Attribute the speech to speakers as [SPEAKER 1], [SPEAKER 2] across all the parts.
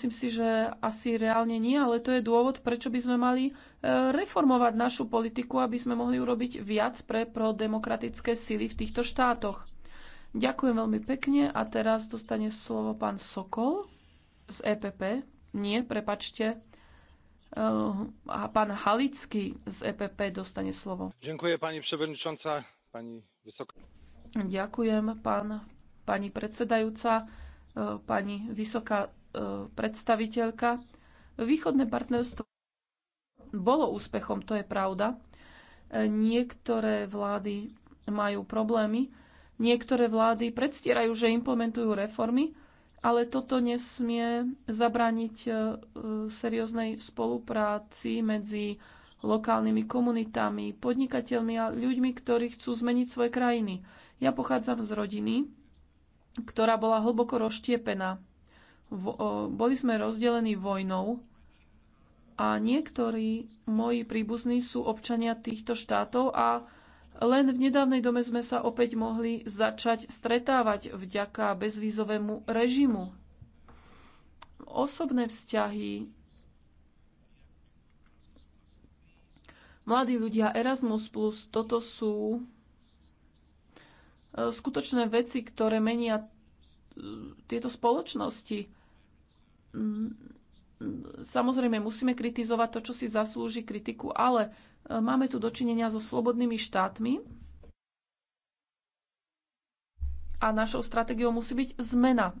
[SPEAKER 1] Myslím si, že asi reálne nie, ale to je dôvod, prečo by sme mali e, reformovať našu politiku, aby sme mohli urobiť viac pre prodemokratické sily v týchto štátoch. Ďakujem veľmi pekne a teraz dostane slovo pán Sokol z EPP. Nie, prepačte. E, a pán Halický z EPP dostane slovo.
[SPEAKER 2] Ďakujem pani przewodnicząca, pani vysoká.
[SPEAKER 1] Ďakujem pán, pani predsedajúca, e, pani vysoká E, predstaviteľka. Východné partnerstvo bolo úspechom, to je pravda. E, niektoré vlády majú problémy, niektoré vlády predstierajú, že implementujú reformy, ale toto nesmie zabrániť e, serióznej spolupráci medzi lokálnymi komunitami, podnikateľmi a ľuďmi, ktorí chcú zmeniť svoje krajiny. Ja pochádzam z rodiny, ktorá bola hlboko roštiepená boli sme rozdelení vojnou a niektorí moji príbuzní sú občania týchto štátov a len v nedávnej dome sme sa opäť mohli začať stretávať vďaka bezvízovému režimu. Osobné vzťahy. Mladí ľudia Erasmus+, toto sú e, skutočné veci, ktoré menia e, tieto spoločnosti Mm, samozrejme, musíme kritizovať to, čo si zaslúži kritiku, ale e, máme tu dočinenia so slobodnými štátmi a našou stratégiou musí byť zmena.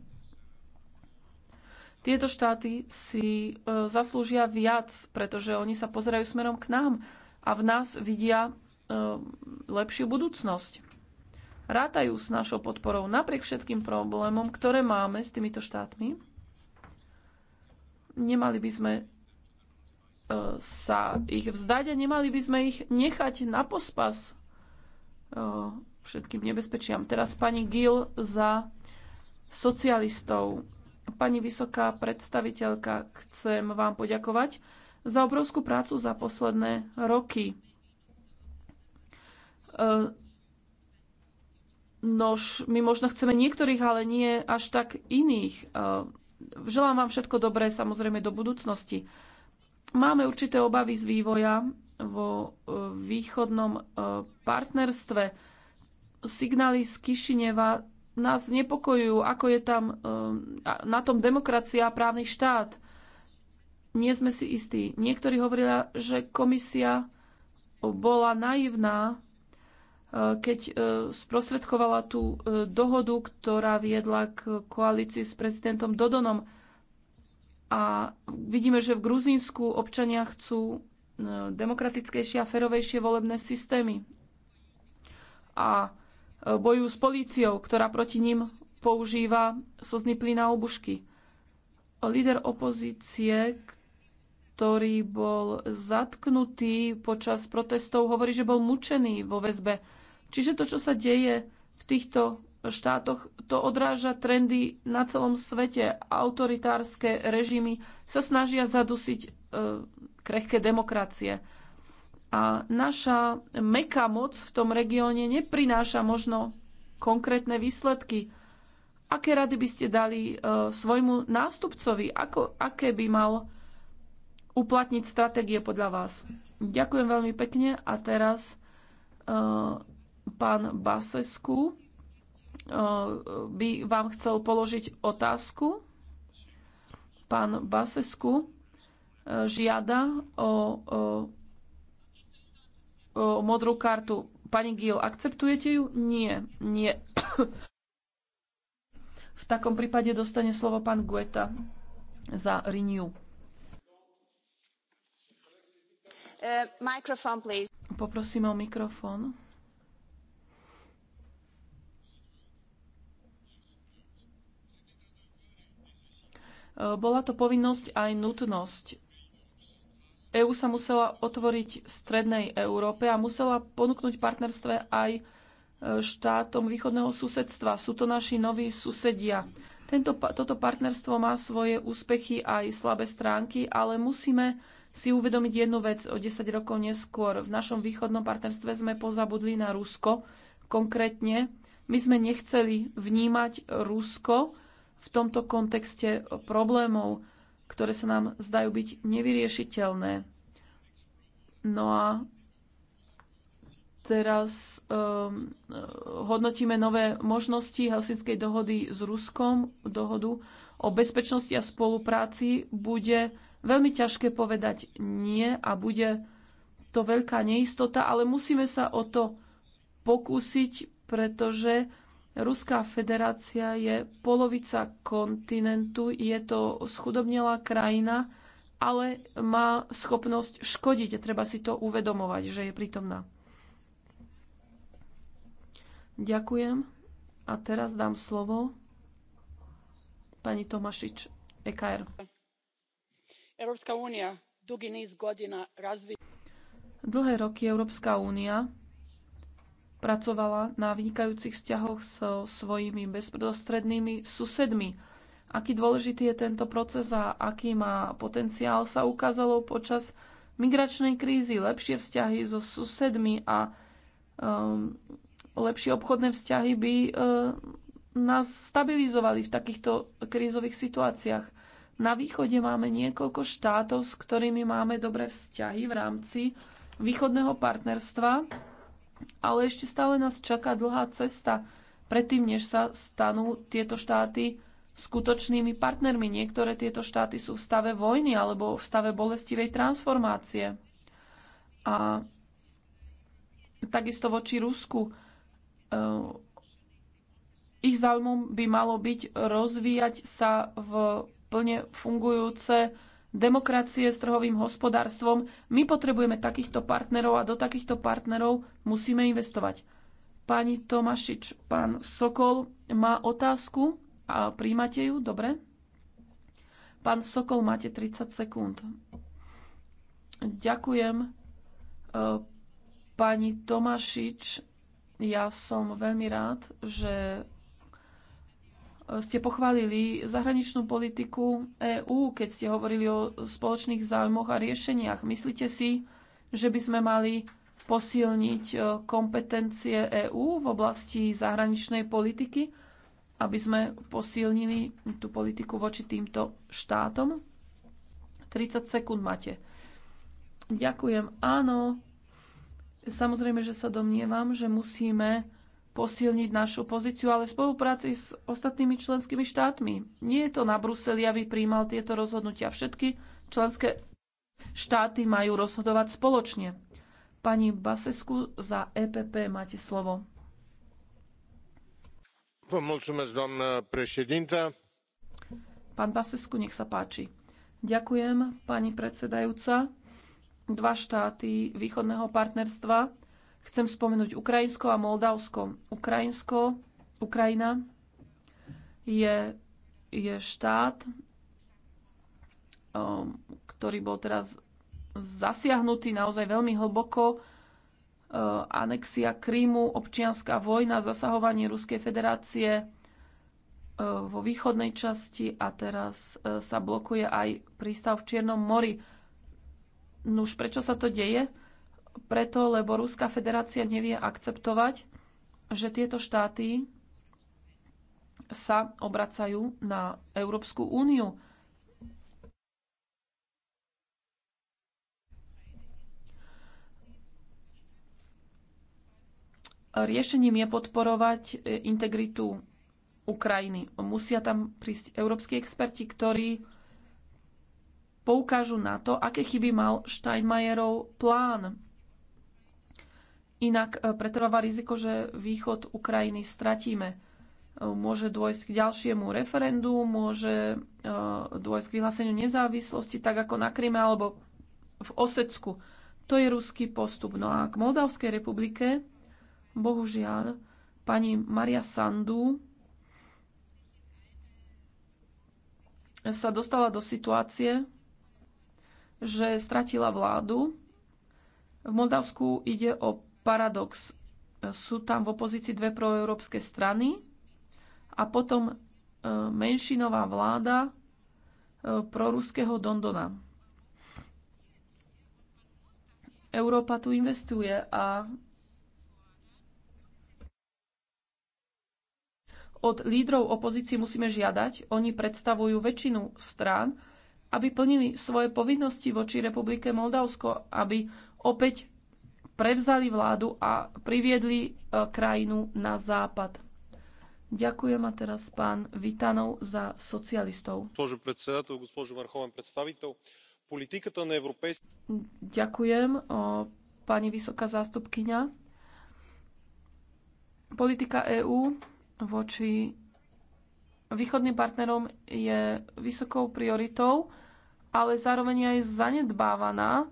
[SPEAKER 1] Tieto štáty si e, zaslúžia viac, pretože oni sa pozerajú smerom k nám a v nás vidia e, lepšiu budúcnosť. Rátajú s našou podporou napriek všetkým problémom, ktoré máme s týmito štátmi Nemali by sme e, sa ich vzdať a nemali by sme ich nechať na pospas e, všetkým nebezpečiam. Teraz pani Gil za socialistov. Pani vysoká predstaviteľka, chcem vám poďakovať za obrovskú prácu za posledné roky. E, nož, my možno chceme niektorých, ale nie až tak iných. Želám vám všetko dobré samozrejme do budúcnosti. Máme určité obavy z vývoja vo e, východnom e, partnerstve. Signály z Kišineva nás znepokojujú, ako je tam e, na tom demokracia a právny štát. Nie sme si istí. Niektorí hovorila, že komisia bola naivná keď e, sprostredkovala tú e, dohodu, ktorá viedla k koalícii s prezidentom Dodonom. A vidíme, že v Gruzínsku občania chcú e, demokratickejšie a ferovejšie volebné systémy. A bojujú s políciou, ktorá proti ním používa slzný plyn a obušky. Líder opozície, ktorý bol zatknutý počas protestov, hovorí, že bol mučený vo väzbe Čiže to, čo sa deje v týchto štátoch, to odráža trendy na celom svete. Autoritárske režimy sa snažia zadusiť e, krehké demokracie. A naša meká moc v tom regióne neprináša možno konkrétne výsledky. Aké rady by ste dali e, svojmu nástupcovi? Ako, aké by mal uplatniť stratégie podľa vás? Ďakujem veľmi pekne a teraz e, Pán Basesku eh, by vám chcel položiť otázku. Pán Basesku eh, žiada o, o, o modrú kartu. Pani Gil, akceptujete ju? Nie, nie. V takom prípade dostane slovo pán Gueta za Renew. Eh, Poprosím o mikrofón. Eh, bola to povinnosť aj nutnosť. EÚ sa musela otvoriť v strednej Európe a musela ponúknuť partnerstve aj eh, štátom východného susedstva. Sú to naši noví susedia. Tento, toto partnerstvo má svoje úspechy aj slabé stránky, ale musíme si uvedomiť jednu vec o 10 rokov neskôr. V našom východnom partnerstve sme pozabudli na Rusko. Konkrétne my sme nechceli vnímať Rusko v tomto kontexte problémov, ktoré sa nám zdajú byť nevyriešiteľné. No a teraz um, hodnotíme nové možnosti Helsinskej dohody s Ruskom, dohodu o bezpečnosti a spolupráci. Bude veľmi ťažké povedať nie a bude to veľká neistota, ale musíme sa o to pokúsiť, pretože Ruská federácia je polovica kontinentu, je to schudobnelá krajina, ale má schopnosť škodiť. Treba si to uvedomovať, že je prítomná. Ďakujem. A teraz dám slovo pani Tomašič, EKR. Európska únia niz godina Dlhé roky Európska únia Pracovala na vynikajúcich vzťahoch so svojimi bezprostrednými susedmi. Aký dôležitý je tento proces a aký má potenciál sa ukázalo počas migračnej krízy, lepšie vzťahy so susedmi a um, lepšie obchodné vzťahy by um, nás stabilizovali v takýchto krízových situáciách. Na východe máme niekoľko štátov, s ktorými máme dobré vzťahy v rámci východného partnerstva ale ešte stále nás čaká dlhá cesta predtým, než sa stanú tieto štáty skutočnými partnermi. Niektoré tieto štáty sú v stave vojny alebo v stave bolestivej transformácie. A takisto voči Rusku. Eh, ich záujmom by malo byť rozvíjať sa v plne fungujúce demokracie s trhovým hospodárstvom. My potrebujeme takýchto partnerov a do takýchto partnerov musíme investovať. Pani Tomašič, pán Sokol má otázku a príjmate ju, dobre? Pán Sokol, máte 30 sekúnd. Ďakujem. E, pani Tomašič, ja som veľmi rád, že ste pochválili zahraničnú politiku EÚ, keď ste hovorili o spoločných záujmoch a riešeniach. Myslíte si, že by sme mali posilniť e, kompetencie EÚ v oblasti zahraničnej politiky, aby sme posilnili tú politiku voči týmto štátom? 30 sekúnd máte. Ďakujem. Áno, samozrejme, že sa domnievam, že musíme posilniť našu pozíciu, ale v spolupráci s ostatnými členskými štátmi. Nie je to na Bruseli, aby príjmal tieto rozhodnutia. Všetky členské štáty majú rozhodovať spoločne. Pani Basesku za EPP máte slovo. Pán Basesku, nech sa páči. Ďakujem, pani predsedajúca. Dva štáty východného partnerstva Chcem spomenúť Ukrajinsko a Moldavsko. Ukrajinsko, Ukrajina je, je štát, um, ktorý bol teraz zasiahnutý naozaj veľmi hlboko. Uh, anexia Krímu, občianská vojna, zasahovanie Ruskej federácie uh, vo východnej časti a teraz uh, sa blokuje aj prístav v Čiernom mori. Nuž, prečo sa to deje? preto, lebo Ruská federácia nevie akceptovať, že tieto štáty sa obracajú na Európsku úniu. Riešením je podporovať e, integritu Ukrajiny. Musia tam prísť európsky experti, ktorí poukážu na to, aké chyby mal Steinmeierov plán Inak e, pretrváva riziko, že východ Ukrajiny stratíme. E, môže dôjsť k ďalšiemu referendu, môže e, dôjsť k vyhláseniu nezávislosti, tak ako na Kryme alebo v Osecku. To je ruský postup. No a k Moldavskej republike, bohužiaľ, pani Maria Sandu sa dostala do situácie, že stratila vládu v Moldavsku ide o paradox. Sú tam v opozícii dve proeurópske strany a potom e, menšinová vláda e, proruského Dondona. Európa tu investuje a od lídrov opozície musíme žiadať, oni predstavujú väčšinu strán, aby plnili svoje povinnosti voči Republike Moldavsko, aby opäť prevzali vládu a priviedli e, krajinu na západ. Ďakujem a teraz pán Vitanov za socialistov. Ďakujem, pani vysoká zástupkyňa. Politika EÚ voči východným partnerom je vysokou prioritou, ale zároveň aj zanedbávaná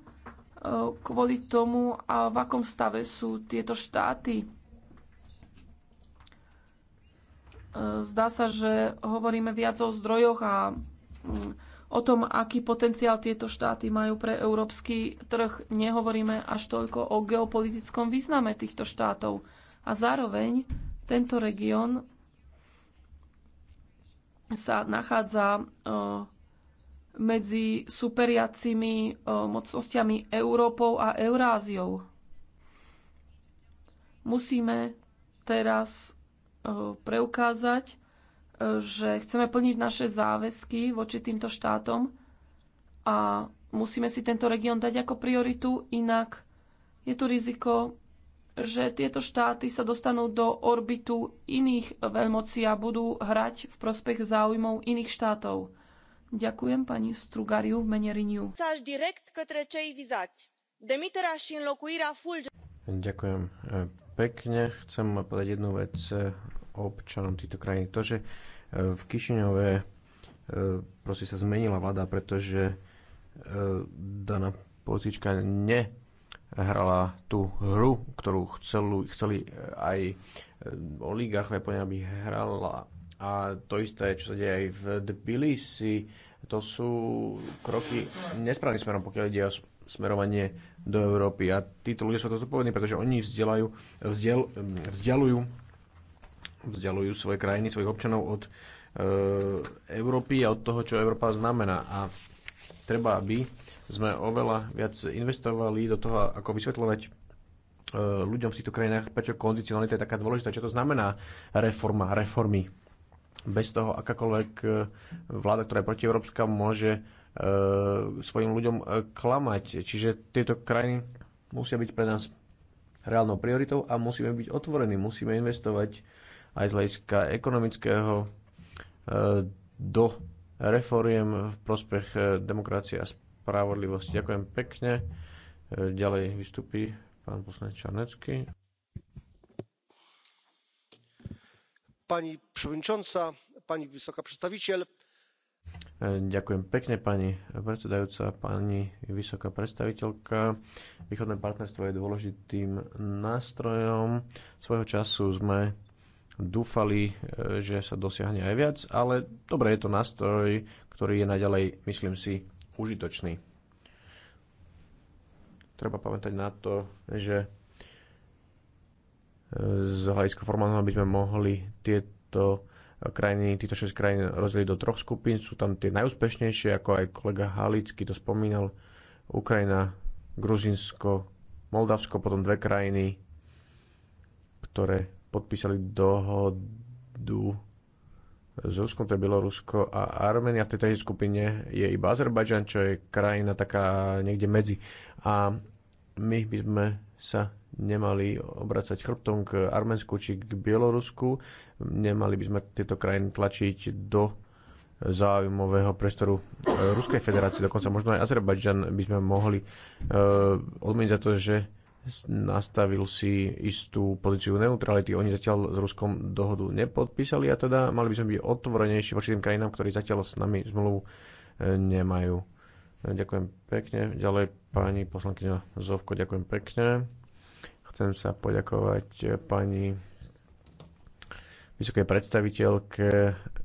[SPEAKER 1] kvôli tomu, a v akom stave sú tieto štáty. Zdá sa, že hovoríme viac o zdrojoch a mm, o tom, aký potenciál tieto štáty majú pre európsky trh. Nehovoríme až toľko o geopolitickom význame týchto štátov. A zároveň tento región sa nachádza e, medzi superiacimi e, mocnosťami Európou a Euráziou. Musíme teraz e, preukázať, e, že chceme plniť naše záväzky voči týmto štátom a musíme si tento región dať ako prioritu, inak je tu riziko, že tieto štáty sa dostanú do orbitu iných veľmocí a budú hrať v prospech záujmov iných štátov. Ďakujem pani Strugariu v mene
[SPEAKER 3] Ďakujem e, pekne. Chcem povedať jednu vec e, občanom týchto krajín. To, že e, v Kišiňove proste sa zmenila vláda, pretože daná politička nehrala tú hru, ktorú chceli, chceli aj oligarchové po aby hrala a to isté, čo sa deje aj v Tbilisi, to sú kroky nesprávnym smerom, pokiaľ ide o smerovanie do Európy. A títo ľudia sú to zodpovední, pretože oni vzdelajú, vzdel, vzdialujú, vzdialujú svoje krajiny, svojich občanov od e, Európy a od toho, čo Európa znamená. A treba, aby sme oveľa viac investovali do toho, ako vysvetľovať e, ľuďom v týchto krajinách, prečo kondicionalita je taká dôležitá, čo to znamená reforma, reformy bez toho akákoľvek e, vláda, ktorá je protieurópska, môže e, svojim ľuďom e, klamať. Čiže tieto krajiny musia byť pre nás reálnou prioritou a musíme byť otvorení, musíme investovať aj z hľadiska ekonomického do reforiem v prospech demokracie a spravodlivosti. Ďakujem pekne. Ďalej vystupí pán poslanec Čarnecký. pani przewodnicząca! pani wysoka przedstawiciel! Ďakujem pekne pani predsedajúca, pani vysoká predstaviteľka. Východné partnerstvo je dôležitým nástrojom. Svojho času sme dúfali, že sa dosiahne aj viac, ale dobre, je to nástroj, ktorý je naďalej, myslím si, užitočný. Treba pamätať na to, že z hľadiska formálneho by sme mohli tieto krajiny, týchto 6 krajín rozdeliť do troch skupín. Sú tam tie najúspešnejšie, ako aj kolega Halický to spomínal, Ukrajina, Gruzinsko, Moldavsko, potom dve krajiny, ktoré podpísali dohodu s Ruskom, to je Bielorusko a Armenia. V tej tretej skupine je iba Azerbajdžan, čo je krajina taká niekde medzi. A my by sme sa nemali obracať chrbtom k Arménsku či k Bielorusku. Nemali by sme tieto krajiny tlačiť do záujmového priestoru e, Ruskej federácie, dokonca možno aj Azerbajdžan by sme mohli e, odmeniť za to, že nastavil si istú pozíciu neutrality. Oni zatiaľ s Ruskom dohodu nepodpísali a teda mali by sme byť otvorenejší voči tým krajinám, ktorí zatiaľ s nami zmluvu e, nemajú. Ďakujem pekne. Ďalej pani poslankyňa Zovko, ďakujem pekne. Chcem sa poďakovať eh, pani vysokej predstaviteľke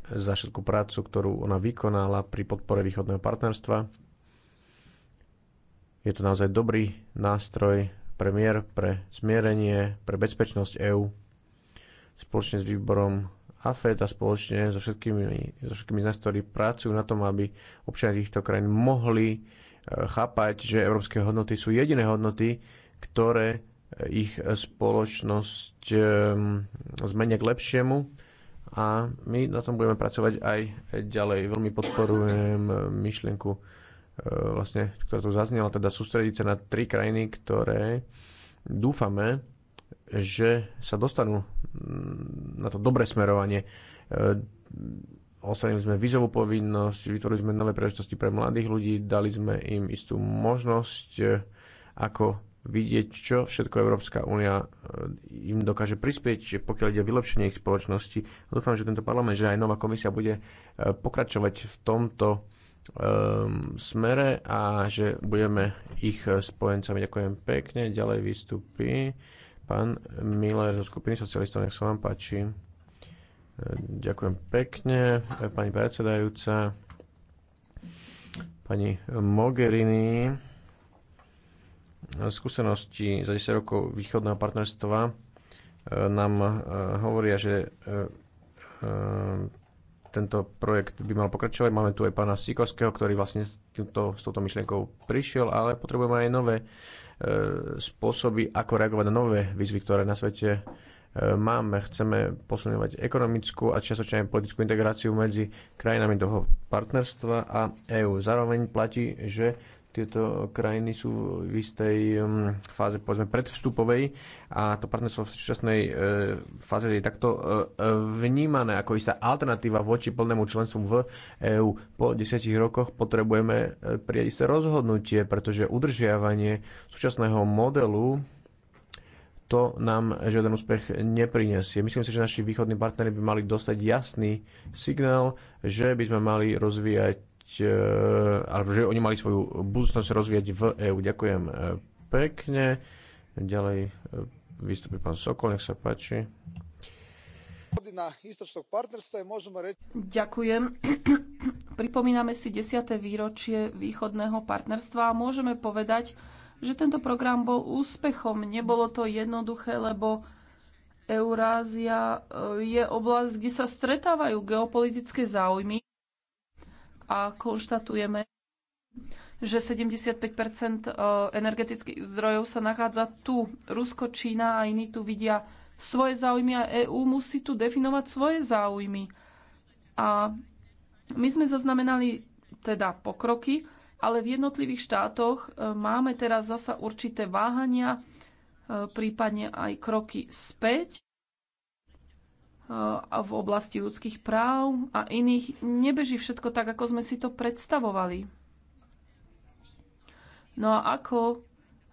[SPEAKER 3] za všetkú prácu, ktorú ona vykonala pri podpore východného partnerstva. Je to naozaj dobrý nástroj pre mier, pre zmierenie, pre bezpečnosť EÚ spoločne s výborom AFED a spoločne so všetkými, so všetkými z nás, ktorí pracujú na tom, aby občania týchto krajín mohli eh, chápať, že európske hodnoty sú jediné hodnoty, ktoré ich spoločnosť ehm, zmenia k lepšiemu a my na tom budeme pracovať aj ďalej. Veľmi podporujem myšlienku, e, vlastne, ktorá tu zaznela, teda sústrediť sa na tri krajiny, ktoré dúfame, že sa dostanú mm, na to dobré smerovanie. E, Ostranili sme vízovú povinnosť, vytvorili sme nové príležitosti pre mladých ľudí, dali sme im istú možnosť, e, ako vidieť, čo všetko Európska únia e, im dokáže prispieť, pokiaľ ide o vylepšenie ich spoločnosti. Dúfam, že tento parlament, že aj nová komisia bude e, pokračovať v tomto um, smere a že budeme ich spojencami. Ďakujem pekne. Ďalej vystupí pán Miller zo skupiny socialistov. Nech sa vám páči. E, ďakujem pekne, pani predsedajúca, pani Mogherini skúsenosti za 10 rokov východného partnerstva e, nám e, hovoria, že e, tento projekt by mal pokračovať. Máme tu aj pána Sikorského, ktorý vlastne s, týmto, s touto myšlienkou prišiel, ale potrebujeme aj nové spôsoby, ako reagovať na nové výzvy, ktoré na svete máme. Chceme posunovať ekonomickú a čiastočne aj politickú integráciu medzi krajinami toho partnerstva a EÚ. Zároveň platí, že tieto krajiny sú v istej mm, fáze, povedzme, predvstupovej a to partnerstvo v súčasnej e, fáze je takto e, e, vnímané ako istá alternatíva voči plnému členstvu v EÚ. Po desiatich rokoch potrebujeme prijať isté rozhodnutie, pretože udržiavanie súčasného modelu to nám žiaden úspech neprinesie. Myslím si, že naši východní partnery by mali dostať jasný signál, že by sme mali rozvíjať E, alebo že oni mali svoju budúcnosť rozvíjať v EÚ. Ďakujem e, pekne. Ďalej e, vystupí pán Sokol, nech sa páči.
[SPEAKER 1] Ďakujem. Pripomíname si 10. výročie východného partnerstva a môžeme povedať, že tento program bol úspechom. Nebolo to jednoduché, lebo Eurázia je oblasť, kde sa stretávajú geopolitické záujmy a konštatujeme, že 75 e, energetických zdrojov sa nachádza tu. Rusko, Čína a iní tu vidia svoje záujmy a EÚ musí tu definovať svoje záujmy. A my sme zaznamenali teda pokroky, ale v jednotlivých štátoch e, máme teraz zasa určité váhania, e, prípadne aj kroky späť v oblasti ľudských práv a iných nebeží všetko tak, ako sme si to predstavovali. No a ako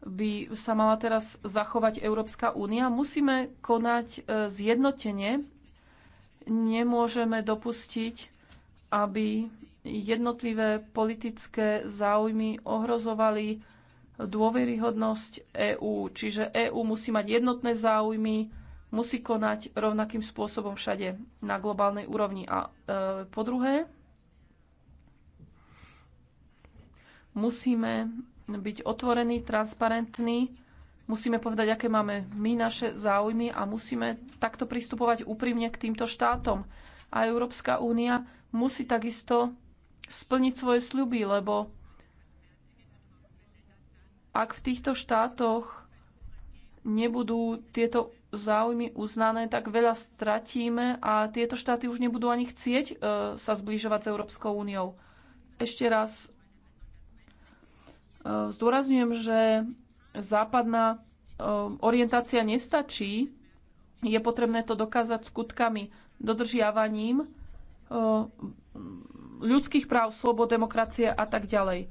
[SPEAKER 1] by sa mala teraz zachovať Európska únia? Musíme konať e, zjednotenie. Nemôžeme dopustiť, aby jednotlivé politické záujmy ohrozovali dôveryhodnosť EÚ. Čiže EÚ musí mať jednotné záujmy, musí konať rovnakým spôsobom všade na globálnej úrovni. A e, po druhé, musíme byť otvorení, transparentní, musíme povedať, aké máme my naše záujmy a musíme takto pristupovať úprimne k týmto štátom. A Európska únia musí takisto splniť svoje sľuby, lebo ak v týchto štátoch nebudú tieto záujmy uznané, tak veľa stratíme a tieto štáty už nebudú ani chcieť e, sa zbližovať s Európskou úniou. Ešte raz e, zdôrazňujem, že západná e, orientácia nestačí. Je potrebné to dokázať skutkami, dodržiavaním e, ľudských práv, slobod, demokracie a tak ďalej.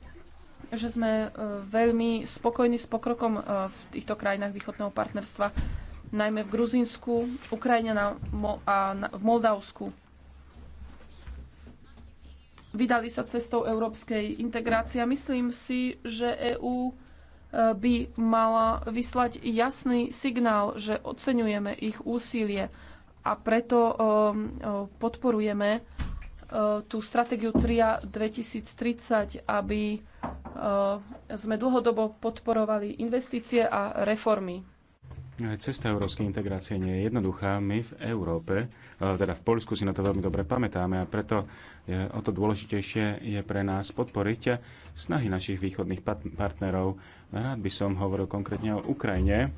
[SPEAKER 1] že sme e, veľmi spokojní s pokrokom e, v týchto krajinách východného partnerstva, najmä v Gruzínsku, Ukrajine a v Moldavsku. Vydali sa cestou európskej integrácie a myslím si, že EÚ e, by mala vyslať jasný signál, že oceňujeme ich úsilie a preto podporujeme tú stratégiu TRIA 2030, aby Eh, sme dlhodobo podporovali investície a reformy.
[SPEAKER 4] Cesta európskej integrácie nie je jednoduchá. My v Európe, eh, teda v Polsku si na to veľmi dobre pamätáme a preto je o to dôležitejšie je pre nás podporiť snahy našich východných partnerov. Rád by som hovoril konkrétne o Ukrajine.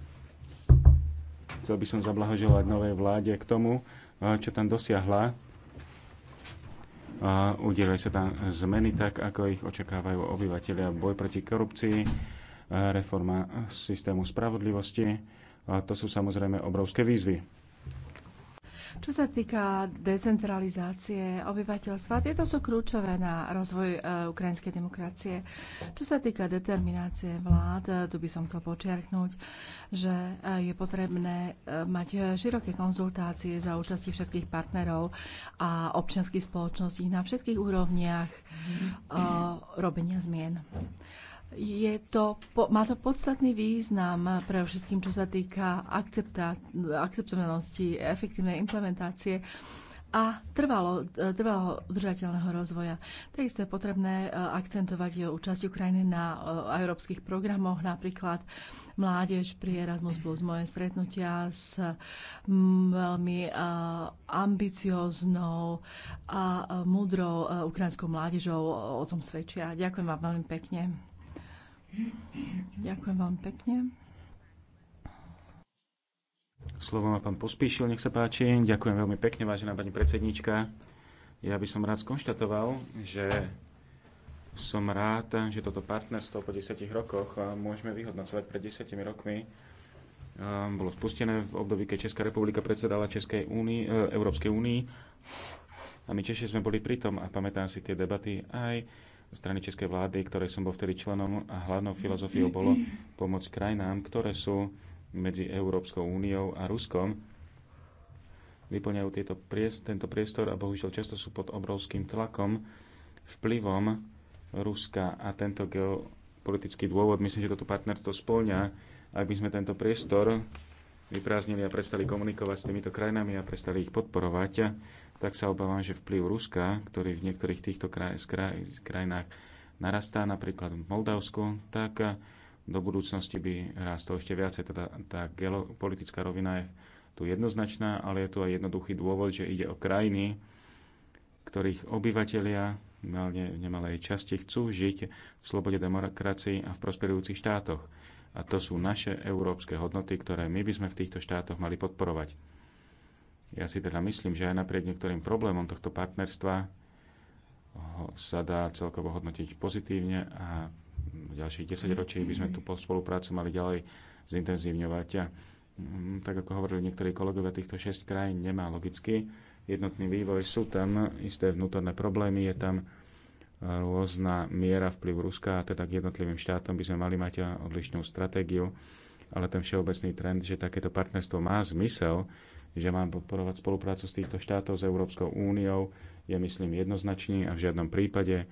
[SPEAKER 4] Chcel by som zablahoželať novej vláde k tomu, eh, čo tam dosiahla udelajú sa tam zmeny tak, ako ich očakávajú obyvateľia. Boj proti korupcii, e, reforma systému spravodlivosti, to sú samozrejme obrovské výzvy.
[SPEAKER 5] Čo sa týka decentralizácie obyvateľstva, tieto sú kľúčové na rozvoj e, ukrajinskej demokracie. Čo sa týka determinácie vlád, e, tu by som chcel počiarknúť, že e, je potrebné mať široké konzultácie za účasti všetkých partnerov a občianských spoločností na všetkých úrovniach mm. robenia zmien je to, má to podstatný význam pre všetkým, čo sa týka akceptovanosti, efektívnej implementácie a trvalo, trvalo udržateľného rozvoja. Takisto je potrebné e, akcentovať účasť Ukrajiny na e, európskych programoch, napríklad mládež pri Erasmus Plus, moje stretnutia s veľmi e, ambicioznou a múdrou ukrajinskou mládežou o tom svedčia. Ďakujem vám veľmi pekne. Ďakujem vám pekne.
[SPEAKER 4] Slovo má pán Pospíšil, nech sa páči. Ďakujem veľmi pekne, vážená pani predsedníčka. Ja by som rád skonštatoval, že som rád, že toto partnerstvo po 10 rokoch môžeme vyhodnocovať pred 10 rokmi. Ehm, bolo spustené v období, keď Česká republika predsedala Českej únii, e, Európskej únii a my Češi sme boli pritom a pamätám si tie debaty aj strany českej vlády, ktoré som bol vtedy členom a hlavnou filozofiou bolo pomôcť krajinám, ktoré sú medzi Európskou úniou a Ruskom. Vyplňajú tieto priest, tento priestor a bohužiaľ často sú pod obrovským tlakom, vplyvom Ruska a tento geopolitický dôvod. Myslím, že toto partnerstvo spĺňa, ak by sme tento priestor vyprázdnili a prestali komunikovať s týmito krajinami a prestali ich podporovať, tak sa obávam, že vplyv Ruska, ktorý v niektorých týchto kraj, kraj, krajinách narastá, napríklad v Moldavsku, tak do budúcnosti by rástol ešte viacej. Teda tá geopolitická rovina je tu jednoznačná, ale je tu aj jednoduchý dôvod, že ide o krajiny, ktorých obyvateľia v nemalej časti chcú žiť v slobode demokracii a v prosperujúcich štátoch. A to sú naše európske hodnoty, ktoré my by sme v týchto štátoch mali podporovať. Ja si teda myslím, že aj napriek niektorým problémom tohto partnerstva sa dá celkovo hodnotiť pozitívne a v ďalších 10 ročí by sme tú spoluprácu mali ďalej zintenzívňovať. A mm, tak ako hovorili niektorí kolegovia, týchto 6 krajín nemá logicky jednotný vývoj. Sú tam isté vnútorné problémy, je tam rôzna miera vplyv Ruska, a teda k jednotlivým štátom by sme mali mať odlišnú stratégiu, ale ten všeobecný trend, že takéto partnerstvo má zmysel, že mám podporovať spoluprácu s týchto štátov s Európskou úniou, je myslím jednoznačný a v žiadnom prípade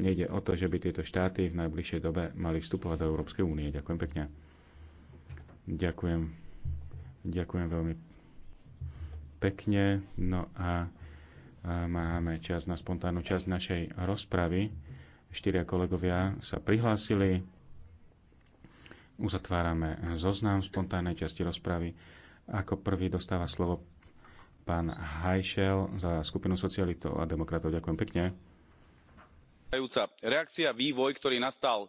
[SPEAKER 4] nejde o to, že by tieto štáty v najbližšej dobe mali vstupovať do Európskej únie. Ďakujem pekne. Ďakujem. Ďakujem veľmi pekne. No a Máme čas na spontánnu časť našej rozpravy. Štyria kolegovia sa prihlásili. Uzatvárame zoznam spontánnej časti rozpravy. Ako prvý dostáva slovo pán Hajšel za skupinu socialitov a demokratov. Ďakujem pekne.
[SPEAKER 6] Reakcia vývoj, ktorý nastal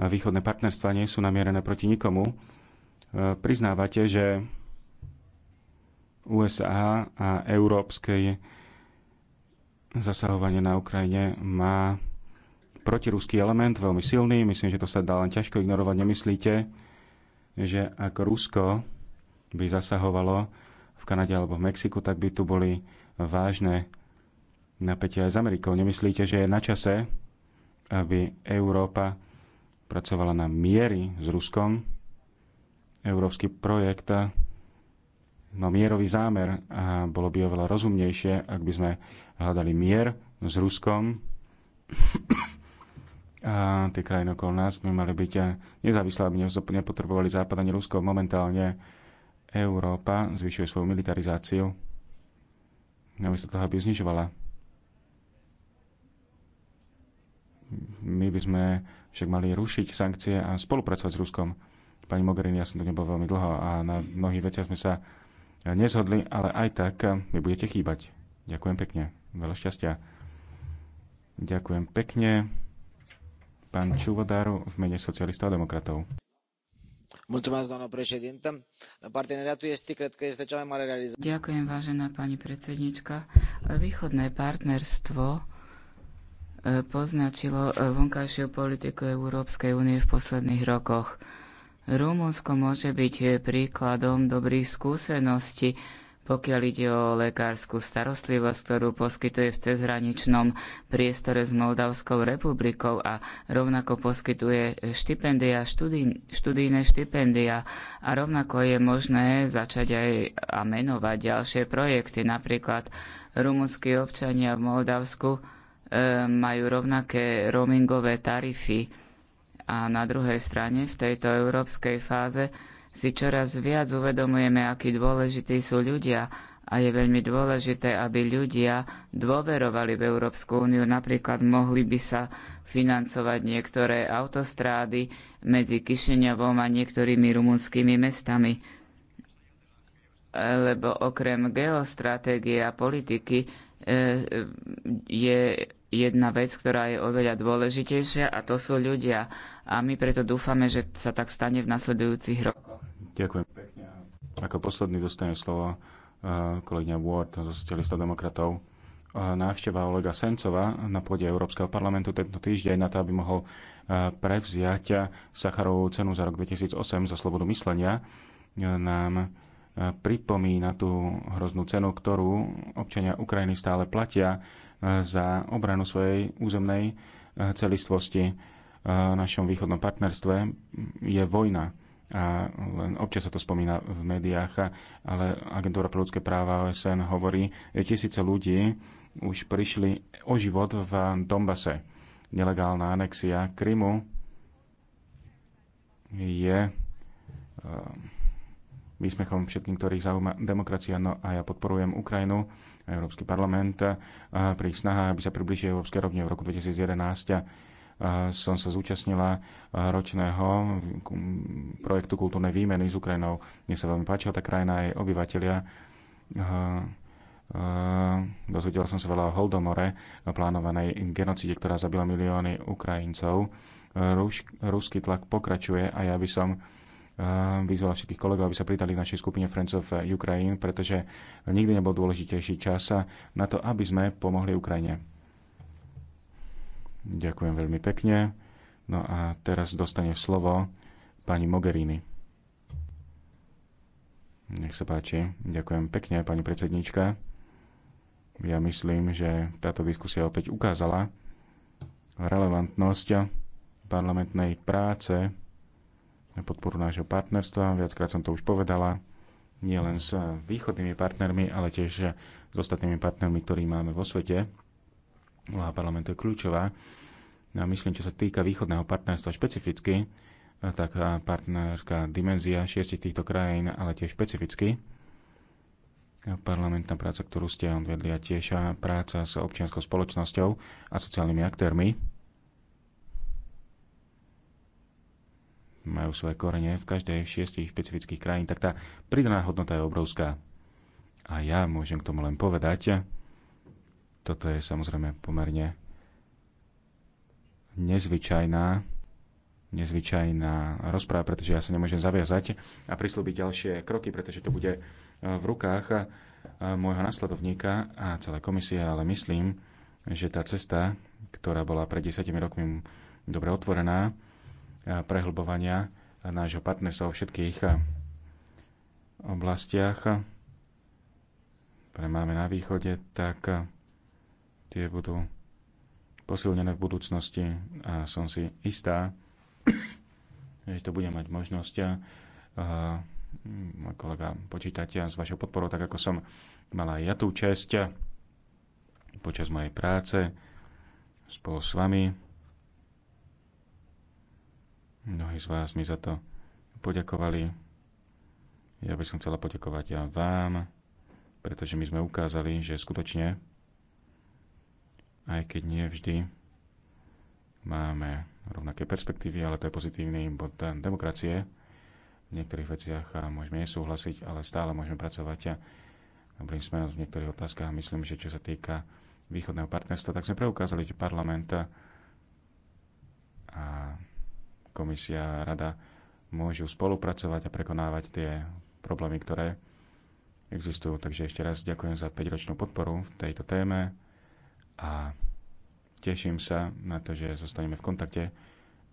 [SPEAKER 4] východné partnerstva nie sú namierené proti nikomu. E, priznávate, že USA a európske zasahovanie na Ukrajine má protiruský element, veľmi silný. Myslím, že to sa dá len ťažko ignorovať. Nemyslíte, že ak Rusko by zasahovalo v Kanade alebo v Mexiku, tak by tu boli vážne napätia aj s Amerikou. Nemyslíte, že je na čase, aby Európa pracovala na miery s Ruskom, európsky projekt eh, mal mierový zámer a bolo by oveľa rozumnejšie, ak by sme hľadali mier s Ruskom a tie krajiny okolo nás by mali byť eh, nezávislé, aby nepotrebovali Západ ani Rusko. Momentálne Európa zvyšuje svoju militarizáciu namiesto toho, aby znižovala. My by sme však mali rušiť sankcie a spolupracovať s Ruskom. Pani Mogherini, ja som tu nebol veľmi dlho a na mnohých veciach sme sa nezhodli, ale aj tak mi budete chýbať. Ďakujem pekne. Veľa šťastia. Ďakujem pekne. Pán Čuvodáru v mene socialistov a demokratov.
[SPEAKER 7] Ďakujem, vážená pani predsednička. Východné partnerstvo poznačilo e, vonkajšiu politiku Európskej únie v posledných rokoch. Rumunsko môže byť e, príkladom dobrých skúseností, pokiaľ ide o lekárskú starostlivosť, ktorú poskytuje v cezhraničnom priestore s Moldavskou republikou a rovnako poskytuje štipendia, študí, študijné štipendia a rovnako je možné začať aj a menovať ďalšie projekty, napríklad rumunskí občania v Moldavsku majú rovnaké roamingové tarify. A na druhej strane, v tejto európskej fáze, si čoraz viac uvedomujeme, akí dôležití sú ľudia a je veľmi dôležité, aby ľudia dôverovali v Európsku úniu. Napríklad mohli by sa financovať niektoré autostrády medzi Kišiňovom a niektorými rumunskými mestami. Lebo okrem geostratégie a politiky, E, je jedna vec, ktorá je oveľa dôležitejšia a to sú ľudia. A my preto dúfame, že sa tak stane v nasledujúcich rokoch.
[SPEAKER 4] Ďakujem pekne. Ako posledný dostane slovo e, kolegyňa Ward zo socialistov demokratov. E, návšteva Olega Sencova na pôde Európskeho parlamentu tento týždeň na to, aby mohol prevziať Sacharovú cenu za rok 2008 za slobodu myslenia, nám pripomína tú hroznú cenu, ktorú občania Ukrajiny stále platia e, za obranu svojej územnej e, celistvosti. E, v našom východnom partnerstve je vojna a len občas sa to spomína v médiách, ale Agentúra pre ľudské práva OSN hovorí, že tisíce ľudí už prišli o život v Dombase. Nelegálna anexia Krymu je výsmechom všetkým, ktorých zaujíma demokracia. No a ja podporujem Ukrajinu a Európsky parlament pri snaha, aby sa približili Európskej rovne v roku 2011 som sa zúčastnila ročného projektu kultúrnej výmeny s Ukrajinou. Mne sa veľmi páčila tá krajina aj obyvateľia. Dozvedela som sa veľa o Holdomore, plánovanej genocide, ktorá zabila milióny Ukrajincov. Ruský tlak pokračuje a ja by som vyzval všetkých kolegov, aby sa pridali k našej skupine Friends of Ukraine, pretože nikdy nebol dôležitejší čas na to, aby sme pomohli Ukrajine. Ďakujem veľmi pekne. No a teraz dostane slovo pani Mogherini. Nech sa páči. Ďakujem pekne, pani predsednička. Ja myslím, že táto diskusia opäť ukázala relevantnosť parlamentnej práce na podporu nášho partnerstva. Viackrát som to už povedala, nie len s eh, východnými partnermi, ale tiež eh, s ostatnými partnermi, ktorí máme vo svete. Vláha parlamentu je kľúčová. No a myslím, čo sa týka východného partnerstva špecificky, eh, tak partnerská dimenzia šiestich týchto krajín, ale tiež špecificky, parlamentná práca, ktorú ste odvedli a tiež práca s občianskou spoločnosťou a sociálnymi aktérmi, majú svoje korene v každej šiestich špecifických krajín, tak tá pridaná hodnota je obrovská. A ja môžem k tomu len povedať, toto je samozrejme pomerne nezvyčajná nezvyčajná rozpráva, pretože ja sa nemôžem zaviazať a prislúbiť ďalšie kroky, pretože to bude e, v rukách e, môjho nasledovníka a celé komisie, ale myslím, že tá cesta, ktorá bola pred 10 rokmi dobre otvorená, prehlbovania nášho partnerstva vo všetkých eh, oblastiach, ktoré máme na východe, tak eh, tie budú posilnené v budúcnosti a som si istá, že to bude mať možnosť a eh, môj kolega počítať s vašou podporou, tak ako som mala aj ja tú časť počas mojej práce spolu s vami Mnohí z vás mi za to poďakovali. Ja by som chcela poďakovať ja vám, pretože my sme ukázali, že skutočne, aj keď nie vždy máme rovnaké perspektívy, ale to je pozitívny bod demokracie. V niektorých veciach môžeme nesúhlasiť, ale stále môžeme pracovať a dobrým smerom v niektorých otázkach. Myslím, že čo sa týka východného partnerstva, tak sme preukázali, že parlament a komisia a rada môžu spolupracovať a prekonávať tie problémy, ktoré existujú. Takže ešte raz ďakujem za 5-ročnú podporu v tejto téme a teším sa na to, že zostaneme v kontakte,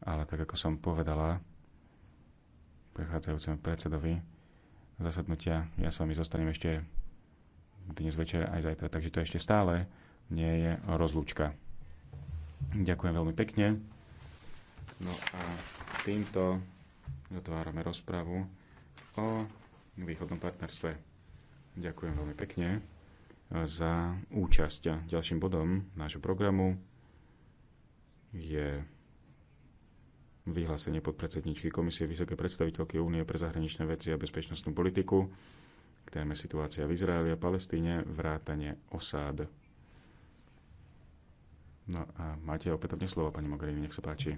[SPEAKER 4] ale tak ako som povedala prechádzajúcemu predsedovi zasadnutia, ja s vami zostanem ešte dnes večer aj zajtra, takže to ešte stále nie je rozlúčka. Ďakujem veľmi pekne. No a týmto zatvárame rozpravu o východnom partnerstve. Ďakujem veľmi pekne e, za účasť. Ďalším bodom nášho programu je vyhlásenie podpredsedničky Komisie Vysokej predstaviteľky Únie pre zahraničné veci a bezpečnostnú politiku k téme situácia v Izraeli a Palestíne, vrátanie osád. No a máte opätovne slovo, pani Mogherini, nech sa páči.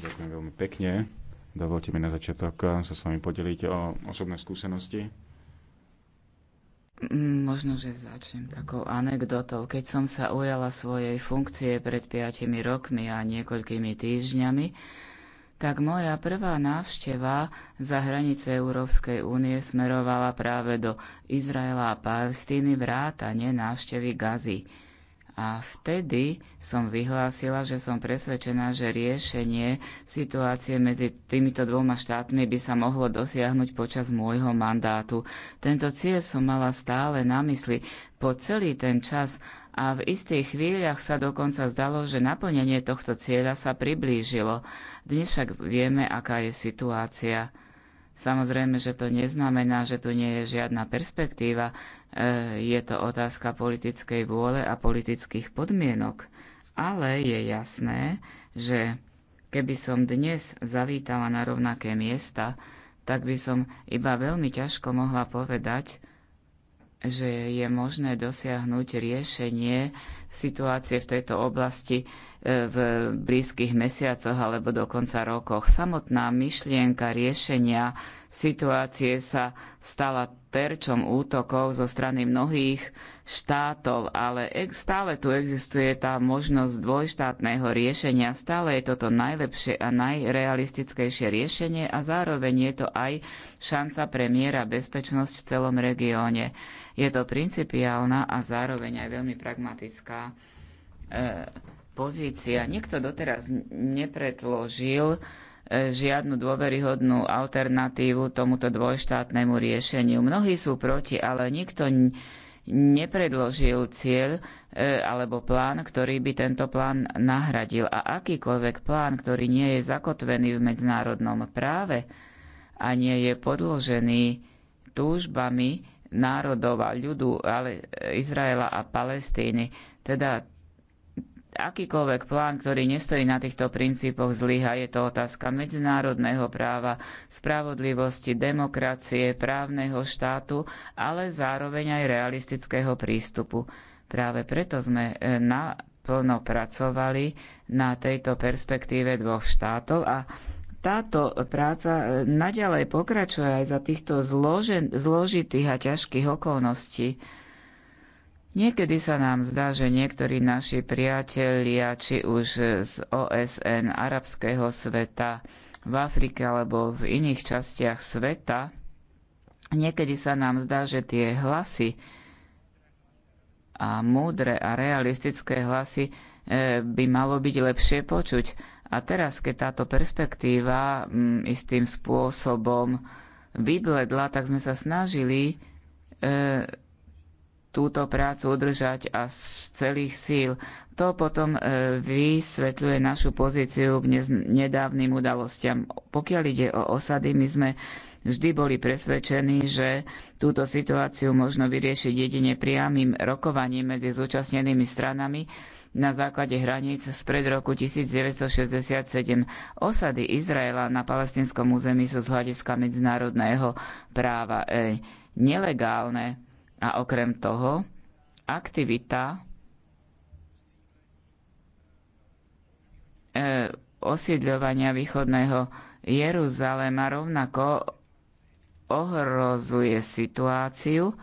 [SPEAKER 4] Ďakujem veľmi pekne. Dovolte mi na začiatok sa s vami podeliť o osobné skúsenosti.
[SPEAKER 7] Možno, že začnem takou anekdotou. Keď som sa ujala svojej funkcie pred piatimi rokmi a niekoľkými týždňami, tak moja prvá návšteva za hranice Európskej únie smerovala práve do Izraela a Palestíny vrátane návštevy Gazy. A vtedy som vyhlásila, že som presvedčená, že riešenie situácie medzi týmito dvoma štátmi by sa mohlo dosiahnuť počas môjho mandátu. Tento cieľ som mala stále na mysli po celý ten čas a v istých chvíľach sa dokonca zdalo, že naplnenie tohto cieľa sa priblížilo. Dnes však vieme, aká je situácia. Samozrejme, že to neznamená, že tu nie je žiadna perspektíva, Eh, je to otázka politickej vôle a politických podmienok, ale je jasné, že keby som dnes zavítala na rovnaké miesta, tak by som iba veľmi ťažko mohla povedať, že je možné dosiahnuť riešenie situácie v tejto oblasti e, v blízkych mesiacoch alebo dokonca rokoch. Samotná myšlienka riešenia situácie sa stala terčom útokov zo strany mnohých štátov, ale e, stále tu existuje tá možnosť dvojštátneho riešenia. Stále je toto najlepšie a najrealistickejšie riešenie a zároveň je to aj šanca pre miera bezpečnosť v celom regióne. Je to principiálna a zároveň aj veľmi pragmatická e, pozícia. Nikto doteraz nepredložil e, žiadnu dôveryhodnú alternatívu tomuto dvojštátnemu riešeniu. Mnohí sú proti, ale nikto nepredložil cieľ e, alebo plán, ktorý by tento plán nahradil. A akýkoľvek plán, ktorý nie je zakotvený v medzinárodnom práve a nie je podložený túžbami národov a ľudu ale Izraela a Palestíny, teda akýkoľvek plán, ktorý nestojí na týchto princípoch, zlyha. Je to otázka medzinárodného práva, spravodlivosti, demokracie, právneho štátu, ale zároveň aj realistického prístupu. Práve preto sme e, naplno pracovali na tejto perspektíve dvoch štátov a táto práca e, naďalej pokračuje aj za týchto zložen, zložitých a ťažkých okolností. Niekedy sa nám zdá, že niektorí naši priatelia, či už z OSN, arabského sveta, v Afrike alebo v iných častiach sveta, niekedy sa nám zdá, že tie hlasy a múdre a realistické hlasy e, by malo byť lepšie počuť. A teraz, keď táto perspektíva mm, istým spôsobom vybledla, tak sme sa snažili e, túto prácu udržať a z celých síl. To potom e, vysvetľuje našu pozíciu k nedávnym udalostiam. Pokiaľ ide o osady, my sme vždy boli presvedčení, že túto situáciu možno vyriešiť jedine priamým rokovaním medzi zúčastnenými stranami na základe hraníc spred roku 1967. Osady Izraela na palestinskom území sú z hľadiska medzinárodného práva nelegálne a okrem toho, aktivita e, osiedľovania východného Jeruzalema rovnako ohrozuje situáciu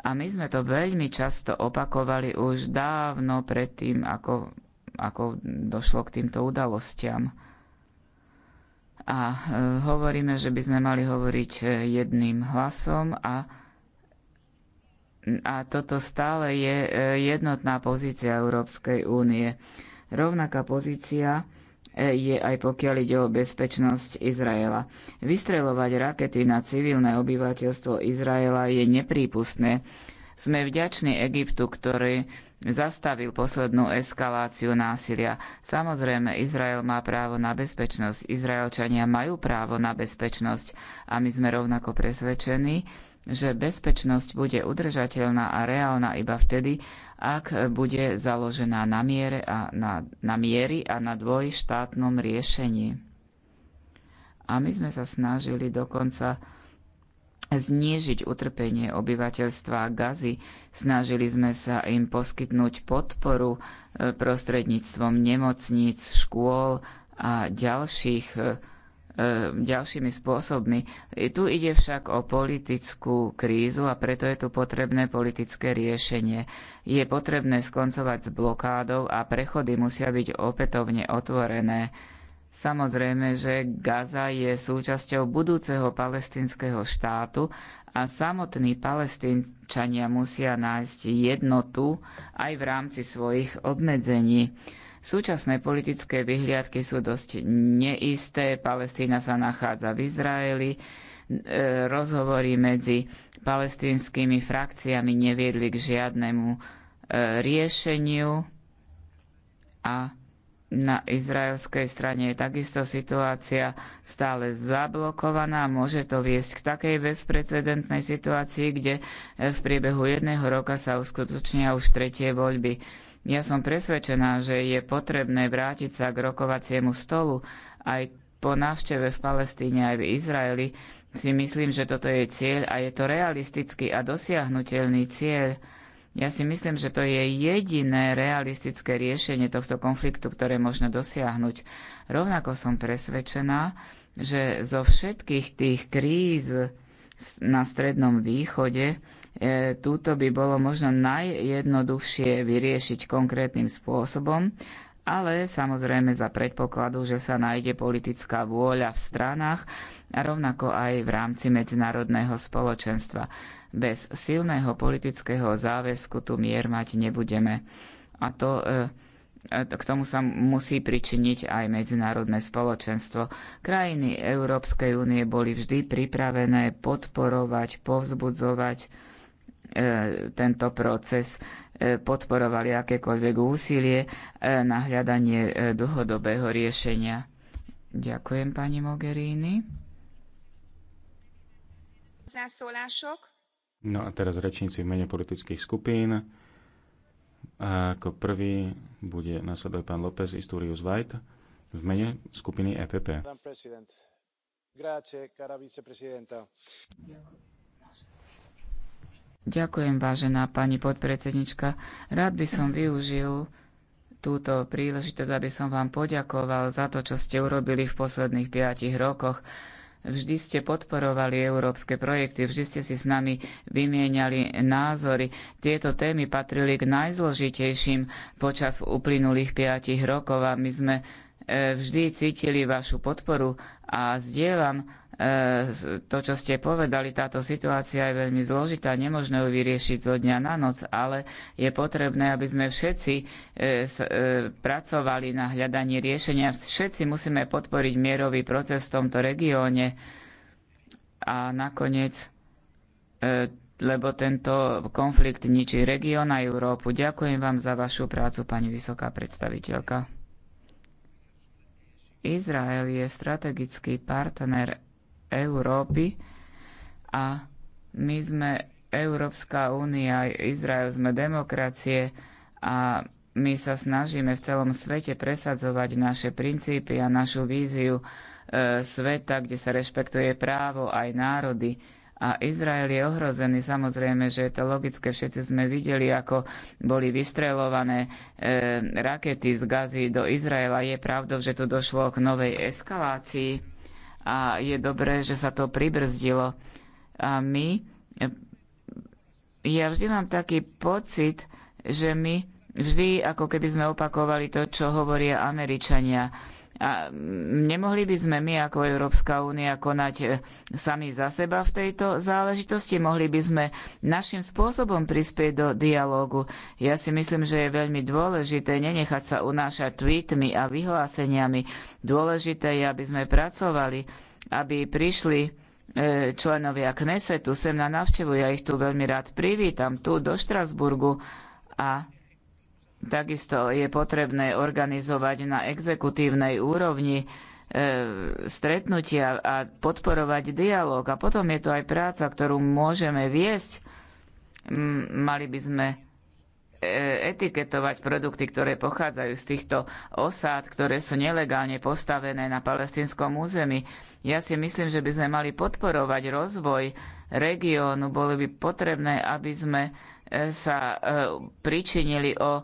[SPEAKER 7] a my sme to veľmi často opakovali už dávno predtým, ako, ako došlo k týmto udalostiam. A e, hovoríme, že by sme mali hovoriť e, jedným hlasom a a toto stále je e, jednotná pozícia Európskej únie. Rovnaká pozícia e, je aj pokiaľ ide o bezpečnosť Izraela. Vystreľovať rakety na civilné obyvateľstvo Izraela je neprípustné. Sme vďační Egyptu, ktorý zastavil poslednú eskaláciu násilia. Samozrejme, Izrael má právo na bezpečnosť, Izraelčania majú právo na bezpečnosť a my sme rovnako presvedčení, že bezpečnosť bude udržateľná a reálna iba vtedy, ak bude založená na, miere a na, na miery a na dvojštátnom riešení. A my sme sa snažili dokonca znížiť utrpenie obyvateľstva Gazy. Snažili sme sa im poskytnúť podporu e, prostredníctvom nemocníc, škôl a ďalších e, E, ďalšími spôsobmi. Tu ide však o politickú krízu a preto je tu potrebné politické riešenie. Je potrebné skoncovať s blokádou a prechody musia byť opätovne otvorené. Samozrejme, že Gaza je súčasťou budúceho palestinského štátu a samotní palestínčania musia nájsť jednotu aj v rámci svojich obmedzení. Súčasné politické vyhliadky sú dosť neisté. Palestína sa nachádza v Izraeli. E, rozhovory medzi palestínskymi frakciami neviedli k žiadnemu e, riešeniu. A na izraelskej strane je takisto situácia stále zablokovaná. Môže to viesť k takej bezprecedentnej situácii, kde e, v priebehu jedného roka sa uskutočnia už tretie voľby. Ja som presvedčená, že je potrebné vrátiť sa k rokovaciemu stolu. Aj po návšteve v Palestíne aj v Izraeli si myslím, že toto je cieľ a je to realistický a dosiahnutelný cieľ. Ja si myslím, že to je jediné realistické riešenie tohto konfliktu, ktoré možno dosiahnuť. Rovnako som presvedčená, že zo všetkých tých kríz na Strednom východe E, túto by bolo možno najjednoduchšie vyriešiť konkrétnym spôsobom, ale samozrejme za predpokladu, že sa nájde politická vôľa v stranách, a rovnako aj v rámci medzinárodného spoločenstva. Bez silného politického záväzku tu mier mať nebudeme. A to e, k tomu sa musí pričiniť aj medzinárodné spoločenstvo. Krajiny Európskej únie boli vždy pripravené podporovať, povzbudzovať E, tento proces e, podporovali akékoľvek úsilie e, na hľadanie dlhodobého riešenia. Ďakujem pani Mogherini.
[SPEAKER 4] No a teraz rečníci v mene politických skupín. A ako prvý bude na sebe pán López Isturius White v mene skupiny EPP.
[SPEAKER 3] Ďakujem.
[SPEAKER 7] Ďakujem, vážená pani podpredsednička. Rád by som využil túto príležitosť, aby som vám poďakoval za to, čo ste urobili v posledných piatich rokoch. Vždy ste podporovali európske projekty, vždy ste si s nami vymieniali názory. Tieto témy patrili k najzložitejším počas uplynulých piatich rokov a my sme E, vždy cítili vašu podporu a zdieľam e, to, čo ste povedali. Táto situácia je veľmi zložitá, nemožné ju vyriešiť zo dňa na noc, ale je potrebné, aby sme všetci e, pracovali na hľadanie riešenia. Všetci musíme podporiť mierový proces v tomto regióne. A nakoniec lebo tento konflikt ničí región a Európu. Ďakujem vám za vašu prácu, pani vysoká predstaviteľka. Izrael je strategický partner Európy a my sme Európska únia, Izrael sme demokracie a my sa snažíme v celom svete presadzovať naše princípy a našu víziu e, sveta, kde sa rešpektuje právo aj národy a Izrael je ohrozený. Samozrejme, že je to logické. Všetci sme videli, ako boli vystrelované e, rakety z Gazy do Izraela. Je pravdou, že tu došlo k novej eskalácii a je dobré, že sa to pribrzdilo. A my, e, ja vždy mám taký pocit, že my vždy ako keby sme opakovali to, čo hovoria Američania a nemohli by sme my ako Európska únia konať eh, sami za seba v tejto záležitosti? Mohli by sme našim spôsobom prispieť do dialógu. Ja si myslím, že je veľmi dôležité nenechať sa unášať tweetmi a vyhláseniami. Dôležité je, aby sme pracovali, aby prišli eh, členovia Knesetu sem na návštevu. Ja ich tu veľmi rád privítam, tu do Štrasburgu. A Takisto je potrebné organizovať na exekutívnej úrovni e, stretnutia a podporovať dialog. A potom je to aj práca, ktorú môžeme viesť. Mali by sme e, etiketovať produkty, ktoré pochádzajú z týchto osád, ktoré sú nelegálne postavené na palestinskom území. Ja si myslím, že by sme mali podporovať rozvoj regiónu. Boli by potrebné, aby sme sa e, pričinili o e,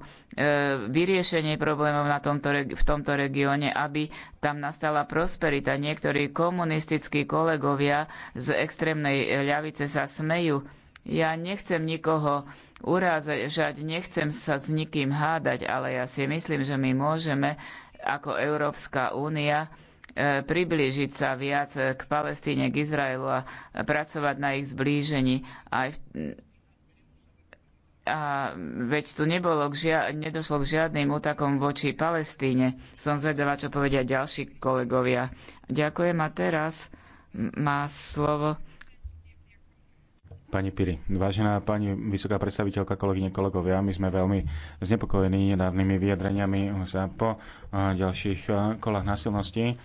[SPEAKER 7] vyriešenie problémov na tomto, v tomto regióne, aby tam nastala prosperita. Niektorí komunistickí kolegovia z extrémnej ľavice sa smejú. Ja nechcem nikoho urázať, nechcem sa s nikým hádať, ale ja si myslím, že my môžeme ako Európska únia e, priblížiť sa viac k Palestíne, k Izraelu a pracovať na ich zblížení. Aj v a veď tu nebolo k žia- nedošlo k žiadnym útakom voči Palestíne. Som zvedavá, čo povedia ďalší kolegovia. Ďakujem a teraz má slovo
[SPEAKER 4] Pani Piri, vážená pani vysoká predstaviteľka, kolegyne, kolegovia, my sme veľmi znepokojení nedávnymi vyjadreniami sa po ďalších kolách násilnosti.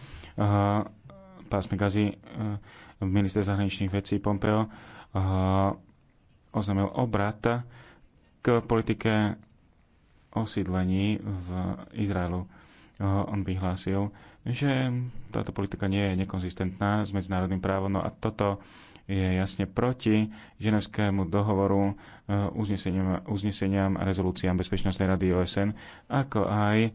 [SPEAKER 4] Pásme Gazi, minister zahraničných vecí Pompeo, oznámil obrat k politike osídlení v Izraelu. On vyhlásil, že táto politika nie je nekonzistentná s medzinárodným právom. No a toto je jasne proti ženevskému dohovoru, eh, uzneseniam, uzneseniam a rezolúciám Bezpečnostnej rady OSN, ako aj eh,